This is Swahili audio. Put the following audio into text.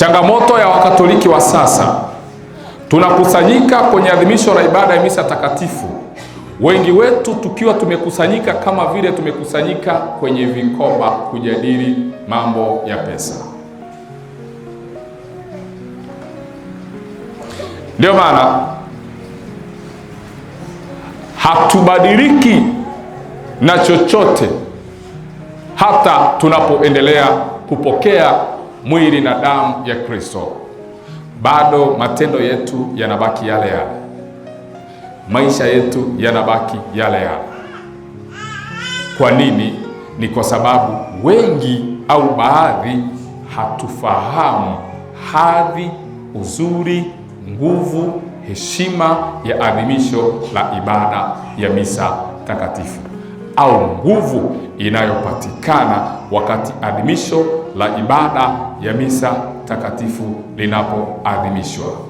Changamoto ya Wakatoliki wa sasa, tunakusanyika kwenye adhimisho la ibada ya misa takatifu, wengi wetu tukiwa tumekusanyika kama vile tumekusanyika kwenye vikoba kujadili mambo ya pesa. Ndio maana hatubadiliki na chochote hata tunapoendelea kupokea mwili na damu ya Kristo, bado matendo yetu yanabaki yale yale, maisha yetu yanabaki yale yale. Kwa nini? Ni kwa sababu wengi au baadhi hatufahamu hadhi, uzuri, nguvu, heshima ya adhimisho la ibada ya misa takatifu au nguvu inayopatikana wakati adhimisho la ibada ya misa takatifu linapoadhimishwa.